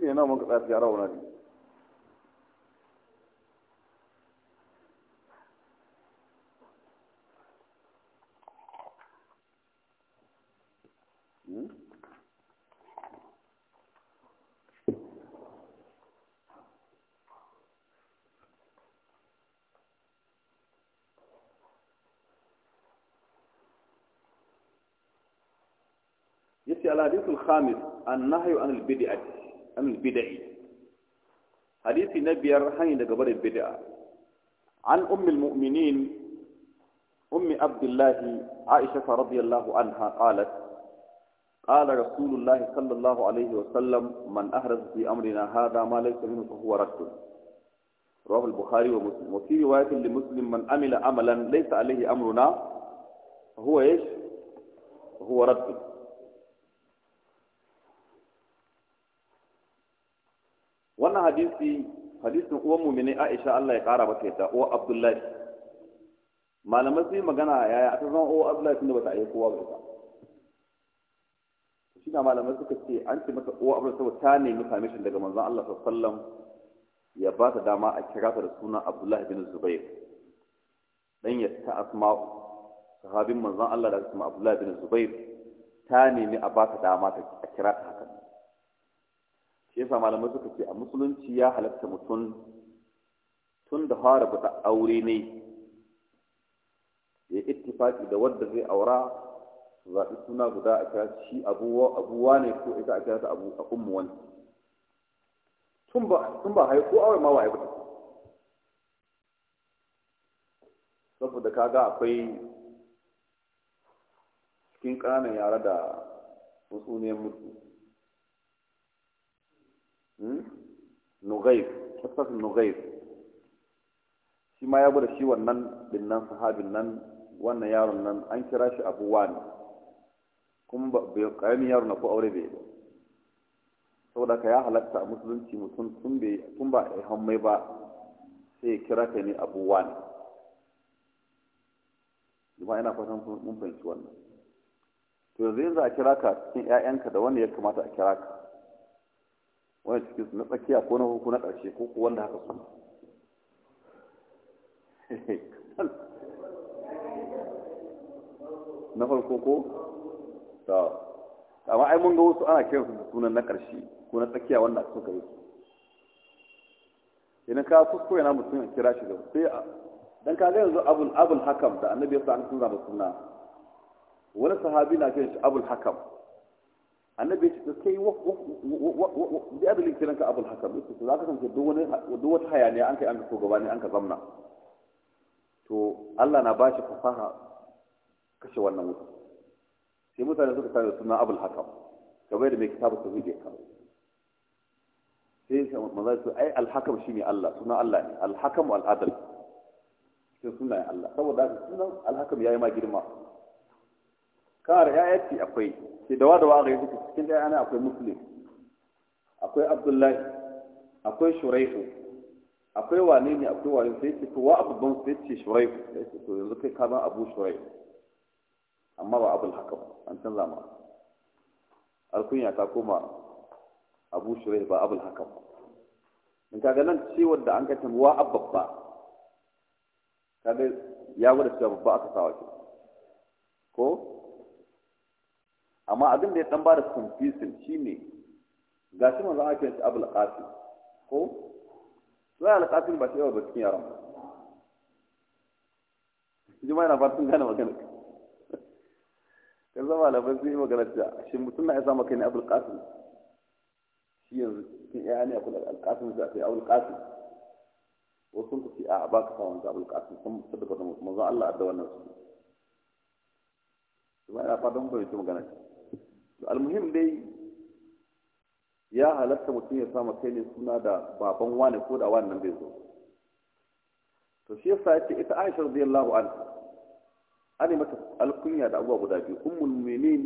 ke na mun ka tsaya rauna ne الحديث الخامس النهي عن البدعة bid'i hadisi na biyar hanyar da gabar bid'a an ummul mu'minin ummi abdullahi aisha radiyallahu anha qalat qala rasulullahi sallallahu alaihi wa sallam man ahraz bi amrina hada ma laysa minhu fa huwa radd rawahu al-bukhari wa muslim fi man amila amalan laysa alaihi amruna huwa ايش huwa radd wannan hadisi hadisin uwan mumini Aisha Allah ya kara mata yadda uwar Abdullahi malamai sun yi magana yaya aka zama uwar Abdullahi tunda bata yi kowa ba shi na malamai suka ce an ce mata uwa Abdullahi saboda ta nemi permission daga manzon Allah sallallahu ya ba ta dama a kira ta da sunan Abdullahi bin Zubair dan ya ta asma'u sahabin manzon Allah da suma Abdullahi bin Zubair ta nemi a ba ta dama ta kira ta haka shi yasa malamai suka ce a musulunci ya halatta mutum tun da fara buɗa aure ne ya ittifaki da wadda zai aura su zaɓi suna guda a kira shi abuwa ne ko ita a kira ta abu a ummu wani tun ba haiku aure ma wa haiku saboda kaga akwai cikin ƙananan yara da wasu neman mutu nughaif qissatu nughaif shi ma ya gwada shi wannan dinnan sahabin nan wannan yaron nan an kira shi abu wani kuma bai karamin yaro na ko aure bai ba saboda ka ya halatta a musulunci mutum tun ba a mai ba sai ya kira ka ne abu wani jima yana fatan mun fahimci wannan to yanzu yanzu a kira ka cikin 'ya'yanka da wanda ya kamata a kira ka wani cikin su na tsakiya ko na hukuna ƙarshe ko wanda haka su na farko ko ta amma ai mun ga wasu ana kiran su da sunan na ƙarshe ko na tsakiya wanda aka suka yi idan ka kusko yana mutum a kira shi da sai dan ka ga yanzu abul abul hakam da annabi ya sa an da suna wani sahabi na kiran shi abul hakam annabi ya ce to kai da adalin kiran ka abul hakam ya ce za ka kasance duk wata hayaniya an kai an ka so gaba ne an ka zamna to Allah na bashi fasaha kashe wannan wuta sai mutane suka tare suna abul hakam kamar da mai kitabu ta zuge ka sai maza su ai alhakam shine Allah suna Allah ne alhakam wal adal sai sunayen Allah saboda haka sunan alhakam yayi ma girma kana da ƴaƴa ce akwai ke da wadawa a gaisu cikin ɗaya na akwai muslim akwai abdullahi akwai shuraihu akwai wane ne akwai wane sai ce to wa abubuwan sai ce shuraihu sai ce to yanzu kai ka zan abu shuraihu amma ba abul haka ba an canza ma alkunya ta koma abu shuraihu ba abul haka ba in kaga nan ciwon da an ka tamwa ababba kaga ya gwada cewa babba aka sawa ke ko amma abin da ya dan bada confusion shine ga shi manzo ake shi abul qasim ko suna al ba shi ba cikin yaran jama'a na fatan gane magana kan zama labar sun yi magana ta shi mutum na isa maka ne abul qasim shi yanzu cikin ya ne akul al da da sai abul qasim wasu sun ku a ba ka wanzu abul qasim sun tabbata manzo Allah adda wannan su jama'a na fatan ba mutum magana almuhim dai ya halatta mutum ya sama kai ne suna da baban wane ko da wannan bai zo to shi yasa yace ita Aisha radiyallahu anha an mata alkunya da abuwa guda biyu ummul mu'minin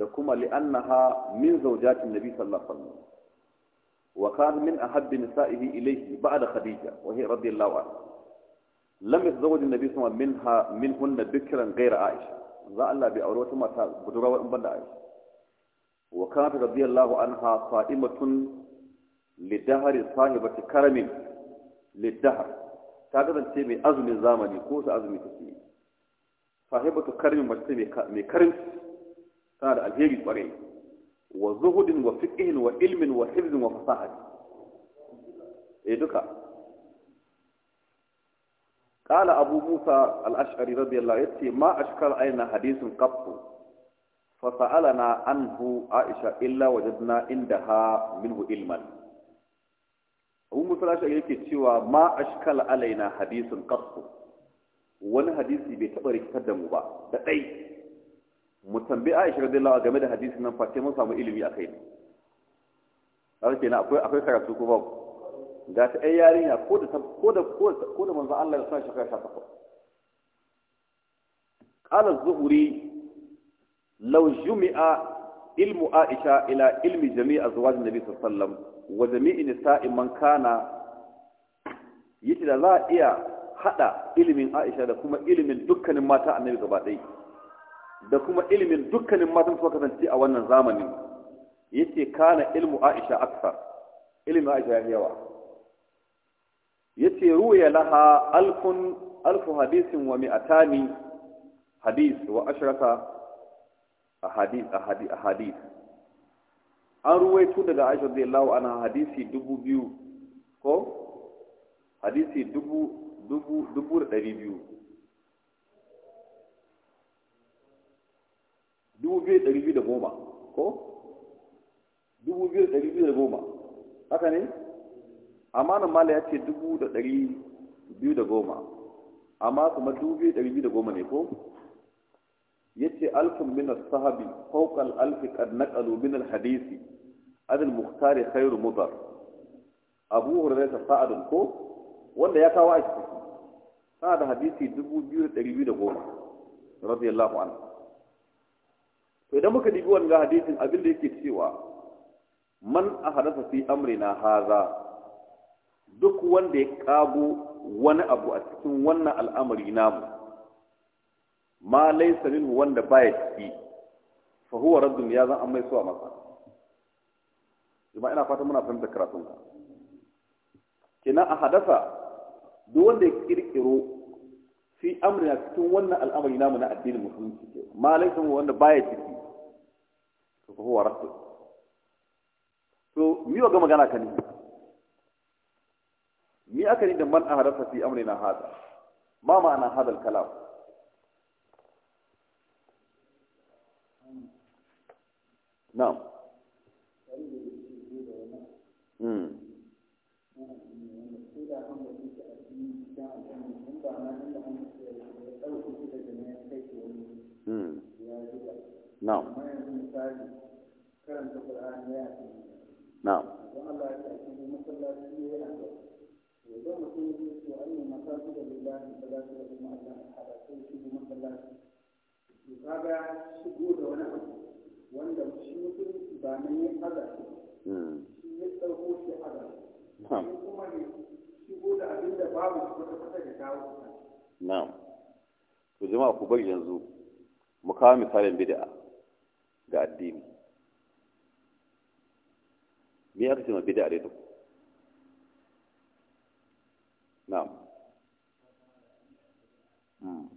da kuma li'annaha min zawjatin nabi sallallahu alaihi wasallam wa kana min ahabbi nisa'ihi ilayhi ba'da khadija wa hiya radiyallahu anha lam yatazawwaj an-nabi sallallahu alaihi wasallam minha minhunna bikran ghayra Aisha za Allah bai aure wata mata budurwa in banda aisha wa kanat radiyallahu anha sa'imatun lidahari sahibati karamin lidahar ta kasance mai azumin zamani ko sa azumi ta ce sahibatu karamin mace mai karin tana da alheri kwarai wa zuhudin wa fiqhin wa ilmin wa hifzin wa fasahati eh duka قال أبو موسى الأشعري رضي الله عنه ما أشكل أين حديث قط فسألنا عنه عائشة إلا وجدنا عندها منه علما أبو موسى الأشعري يكتشوى ما أشكل علينا حديث قط wani hadisi bai taɓa rikitar da mu ba da ɗai mu tambi aisha radiyallahu game da hadisi nan fa sai mun samu ilimi kai ne har kenan akwai akwai karatu ko babu ga ta ɗan yarinya ko da ko da ko da manzo Allah ya sa shi kai shafa qala az-zuhri law jumi'a ilmu aisha ila ilmi jami'i azwajin nabi sallallahu alaihi wasallam wa jami'i nisa'i man kana yace da za a iya hada ilimin aisha da kuma ilimin dukkanin mata annabi gaba ɗaya da kuma ilimin dukkanin matan suka kasance a wannan zamanin yace kana ilmu aisha aksar ilimin aisha ya yawa yace ruya laha alfun alfu hadisin wa mi'atani hadis wa ashrafa ahadith ahadith ahadith an ruwaito daga Aisha radiyallahu anha hadisi dubu biyu ko hadisi dubu dubu dubu da ɗari biyu dubu biyu ɗari biyu da goma ko dubu biyu ɗari biyu da goma haka ne amma nan mala ya ce dubu da ɗari biyu da goma amma kuma dubu ɗari biyu da goma ne ko ya ce alfin min sahabi fauƙal alfi kad naƙalu min hadisi adil muhtari khairu mudar abu hurairah sa'adun ko wanda ya kawo a ciki sana da hadisi dubu biyu da ɗari biyu da goma radiyallahu anhu to idan muka dibi wannan hadisin abin da yake cewa man ahadatha fi amrina haza duk wanda ya kago wani abu a cikin wannan al'amari namu ma laisa minhu wanda baya ciki fa huwa raddun ya zan an su suwa masa kuma ina fata muna fahimta karatun ka kenan a hadasa duk wanda ya kirkiro fi amrina cikin wannan al'amari namu na addinin musulunci ke ma laysa wanda baya ciki fa huwa raddun to miyo ga magana kan ni مي أكري من أهرف في أمرنا هذا ما معنى هذا الكلام نعم امم نعم نعم نعم yanzu mutum zai ce wannan masaji da lillahi ba za su da kuma Allah a haɗa sai shi ne masallaci to kaga shigo da wani abu wanda shi mutum ba nan ya haɗa hmm. shi ya ɗauko shi haɗa shi kuma ne shigo da abin da babu kwata kwata da kawo kusa na'am to jama'a ku bari yanzu mu kawo misalin bid'a ga addini me aka ce ma bid'a dai ta na'am hmm.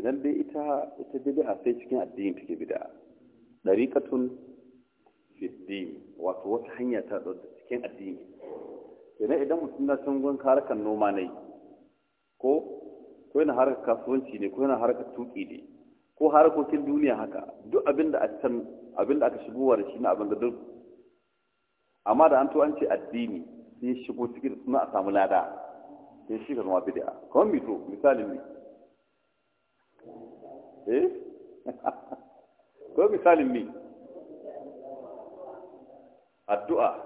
idan dai ita ita bid'a sai cikin addini take bid'a dariqatun fi din wato wata hanya ta da cikin addini idan idan mutum na san gon harkar noma ne ko ko yana harkar kasuwanci ne ko yana harkar tuki ne ko harkokin duniya haka duk abin da a can abin da aka shigo wa shi na abin da duk amma da an to an ce addini sai shigo cikin suna a samu lada sai shi ga zama bid'a kamar mito misalin ne Eh? ko misalin mi addu'a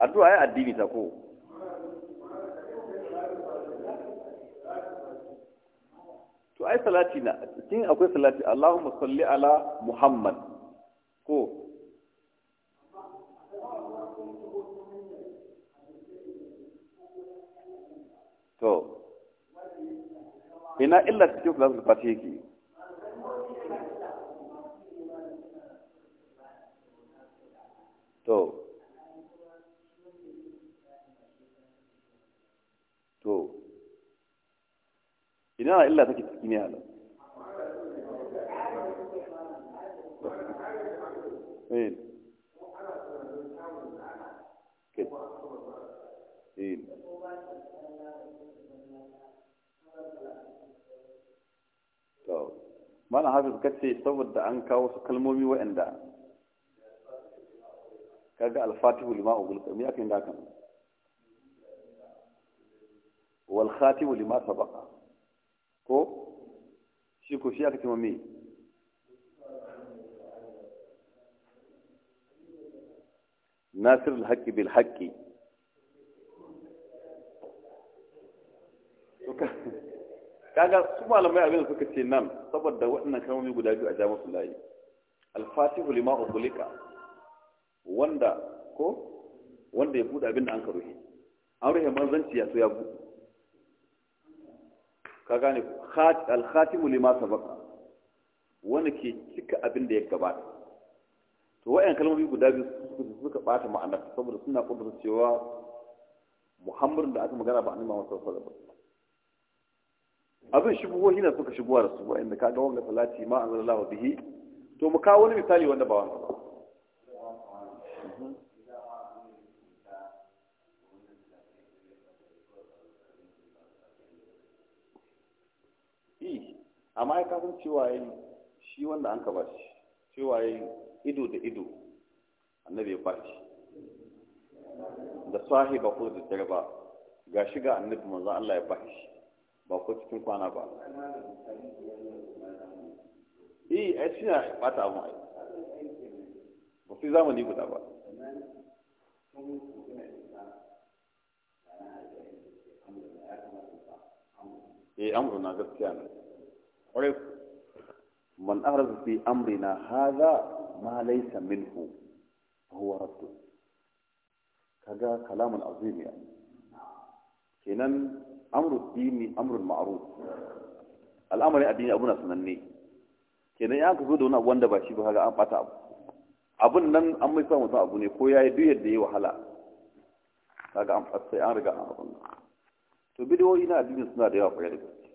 addu'a ya addini ta ko to ai salati na cikin akwai salati Allahumma salli ala Muhammad ko to ina illa cikin salatul fatiha الدنيا إلا تجد الدنيا ما أنا حافظ كتير صوت عنك وسكلمومي وإندا كذا الفاتح لما أقول لك مياك إنداكم والخاتم لما سبقه ko shi ko shi aka ce me nasir alhaƙi bil haƙi kaga su malamai abin da suka ce nan saboda waɗannan kalmomi guda biyu a ja musu layi alfatihu lima wanda ko wanda ya buɗe abin da an ka ruhe an rufe manzanci ya so ya buɗe ka gane alkhatimu lima sabaka wanda ke cika abin da ya gabata to wayan kalmomi guda biyu suka bata ma'anar saboda suna kudurta cewa muhammadun da aka magana ba a nima wasu wasu wasallam abin shigowa na suka shigowa da su da ka ga wanga salati ma anzalallahu bihi to mu kawo wani misali wanda ba wanda ba amma ya kasan cewa yi shi wanda an ka ba shi cewa yi ido da ido annabi ya fashi da ba ku da ba ga shiga annabi manzan Allah ya fashi ba ku cikin kwana ba yi eh, a shi na bata abin aiki ba su zamani guda ba eh amurna gaskiya ne ƙwarai man arzu fi amrina haza ma laysa minhu huwa raddu kaga kalamun azim ya kenan amru dini amrul ma'aru. al'amarin addini abu na sananne kenan ya ka da wani abu wanda ba shi ba kaga an bata abu abun nan an mai samun mutum abu ne ko ya yi duk yadda ya wahala kaga an sai ya riga a abin abun to bidiyoyi na addini suna da yawa kwaye da gaske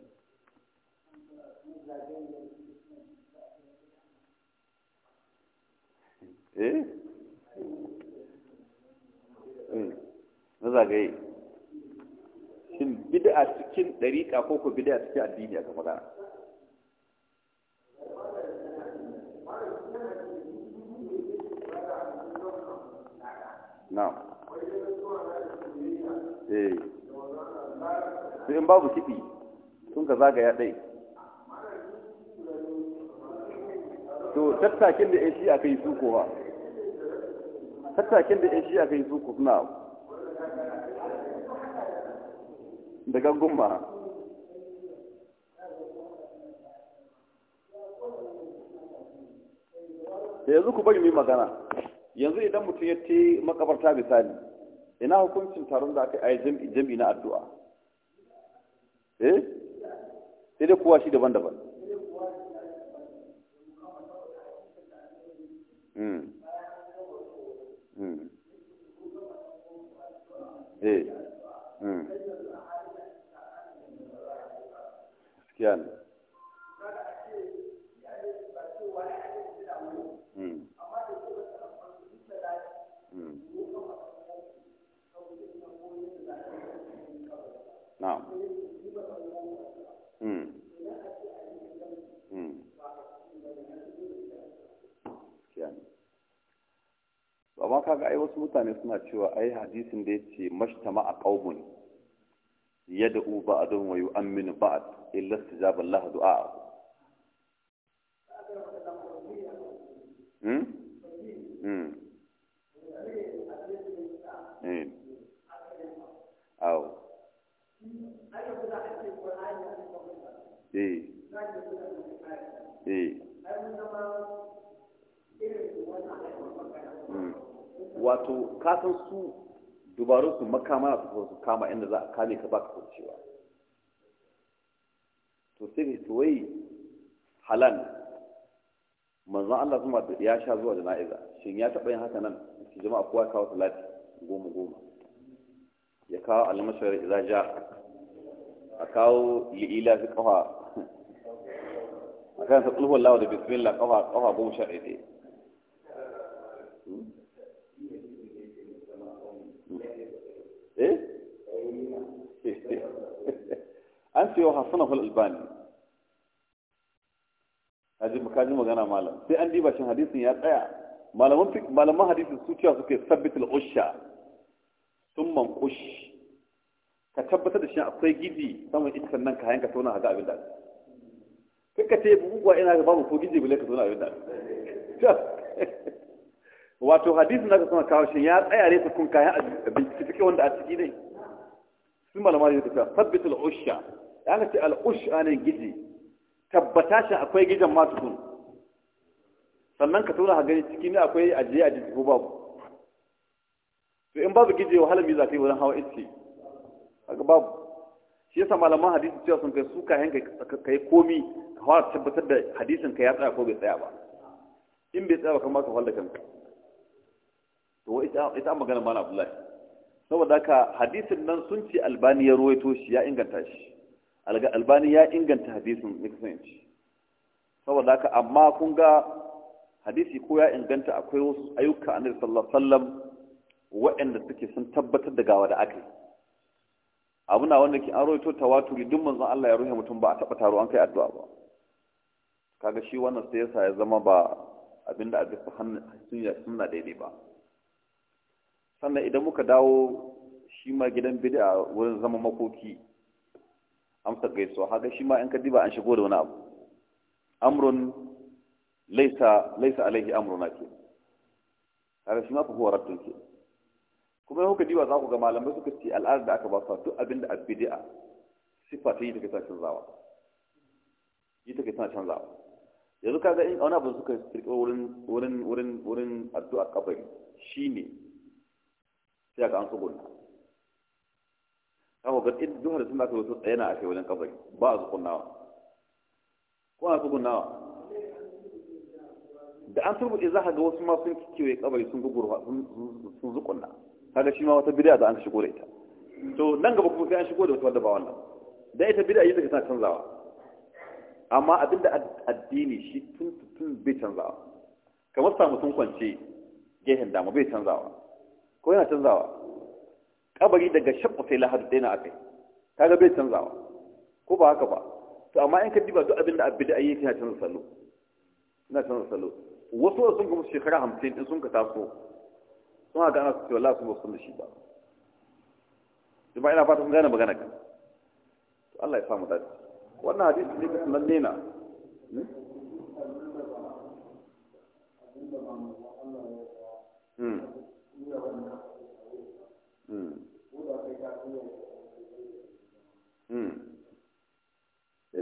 zagaye shin bid'a cikin dariƙa ko ko bid'a cikin addini ga faɗa na'am eh sai in babu kifi sun ka zagaya ɗai to tattakin da 'yan shi aka yi su kowa tattakin da 'yan shi aka yi su kuma Daga gumba yanzu ku bari mu magana yanzu idan mutum ya ce makabarta misali ina hukuncin taron da aka yi jami'i na addu'a eh sai dai kowa shi daban-daban Hmm. Hmm. Eh. Hmm. Sufyan hmm. hmm. hmm. Amma ga kaga ai wasu mutane suna cewa ai hadisin da ya ce mashtama a ƙaumun yad'u ba'dun wa yu'minu ba'd illa istijab Allah du'a. Hmm? Hmm. Hmm. dubaru su makama na su kama inda za a kame ka baka kurcewa to sai ne to wai halan manzon Allah kuma ya sha zuwa da na'iza shin ya taɓa yin haka nan shi jama'a kowa kawo salati goma goma ya kawo almashar idza ja a kawo li'ila su kafa a kan sa kulhu Allah da bismillah kafa kafa goma sha ɗaya hmm? cewa hasana fal albani haji ka magana malam sai an diba shin hadisin ya tsaya malaman fik malaman hadisin su cewa suke sabbit al usha summan ush ka tabbatar da shi akwai gidi saman iskan nan ka hanka tona ga abin da ka ce buguwa ina ga babu ko gidi bale ka tona abin da wato hadisin da ka suna kawo shi ya tsaya ne tukun kayan abin cikin wanda a ciki ne sun malama ne ta sabbit al usha da aka ce al'ush anan gizi tabbata shi akwai gijan masu sun. sannan ka tura hagari ciki ne akwai ajiye a jiki ko babu to in babu gije wahala me za ka yi wajen hawa iske haka babu shi yasa malaman hadisi cewa sun kai suka yanka ka yi komi ka fara tabbatar da hadisin ka ya tsaya ko bai tsaya ba in bai tsaya ba kamar ka da kanka to ita an magana mana abdullahi saboda haka hadisin nan sun ce albani ya ruwaito shi ya inganta shi albani ya inganta hadisin ne saboda haka amma kun ga hadisi ko ya inganta akwai wasu ayyuka annabi sallallahu alaihi wasallam waɗanda suke sun tabbatar da gawa da aka yi abu wanda ke an roito tawaturi duk manzon Allah ya ruhe mutum ba a taɓa taro an kai addu'a ba kaga shi wannan sai yasa ya zama ba abinda a bisa suna daidai ba sannan idan muka dawo shi ma gidan bid'a wurin zama makoki amsa gaisuwa haka shi ma in ka diba an shigo da wani abu amrun laisa laisa alaihi amruna ke haka shi ma fa huwa raddun ke kuma in ka diba za ku ga malamai suka ce al'adar da aka ba su duk abin da abbidi'a sifa ta yi take tana canzawa yi take tana canzawa yanzu ga in wani abu suka kirkiro wurin wurin wurin wurin addu'a kabari shine sai ka an su gona kawo ga ɗin duk da da aka zo tsaye na ake wajen kabari ba a tsukunnawa ko a tsukunnawa da an turbuɗe za ka ga wasu ma sun kewaye kabari sun gugurwa sun zukunna kaga shi ma wata bidiya da an shigo da ita to nan gaba kuma sai an shigo da wata wadda ba wannan dan ita bidiya yi take tana canzawa amma abinda addini shi tun tun bai canzawa kamar samu sun kwance gehen dama bai canzawa ko yana canzawa kabari daga shabba sai lahadu ɗaya a kai kaga bai canzawa ko ba haka ba to amma in ka diba duk abin da abin da ayi yake canza salo na canza salo wasu wasu, sun kuma shekara hamsin in sun ka taso sun haka ana cewa ce wallahi sun ba sun da shi ba jima ina fata sun gane magana kan to Allah ya samu dace wannan hadisi ne kuma nan nena Hmm. hmm.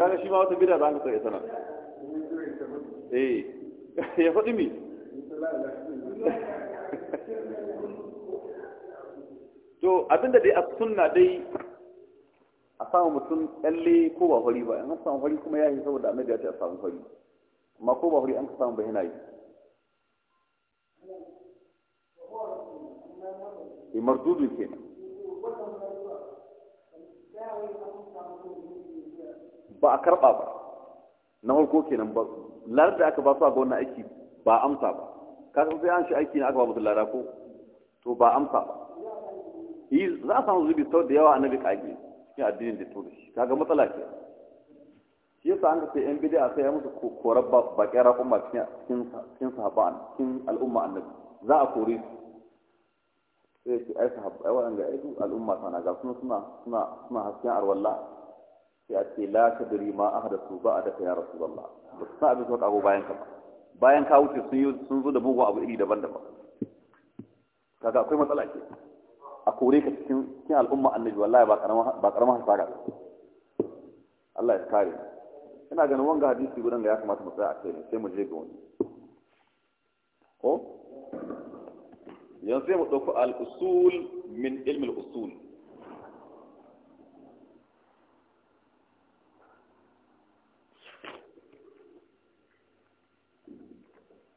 kaga shi ma wata bida ba ka sai sanar eh ya faɗi mi to abinda dai a sunna dai a samu mutum tsalle ko ba hori ba in an samu hori kuma ya yi saboda annabi ya ce a samu hori amma ko ba hori an ka samu ba yana yi imar eh, dudu ke ba a karɓa ba na harko kenan ba lar da aka ba su a ga wannan aiki ba amsa ba Kasan sai an shi aiki ne aka ba mutum lada ko to ba amsa ba yi za a samu zubi sau da yawa annabi kage cikin addinin da to shi kaga matsala ke shi yasa an ka yan bid'a sai ya musu korar baƙin raƙumma cikin cikin sahabban cikin al'umma annabi za a kori su sai ce ai sahabbai waɗanda ai al'umma sana ga suna suna suna hasken arwallah sai a ce la ta diri ma ahada su ba a daka ya rasu Allah ba su sa abin su kago bayan ka ba bayan ka wuce sun zo da mugun abu iri daban-daban kaga akwai matsala ke a kore ka cikin cikin al'umma annabi wallahi ba karama ba karama Allah ya kare ina ganin wanga hadisi gudan da ya kamata mu tsaya a kai sai mu je ga wani ko yanzu sai mu dauko al-usul min ilmi al-usul